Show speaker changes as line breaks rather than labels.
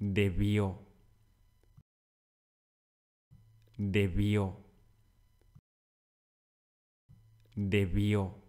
debió debió
debió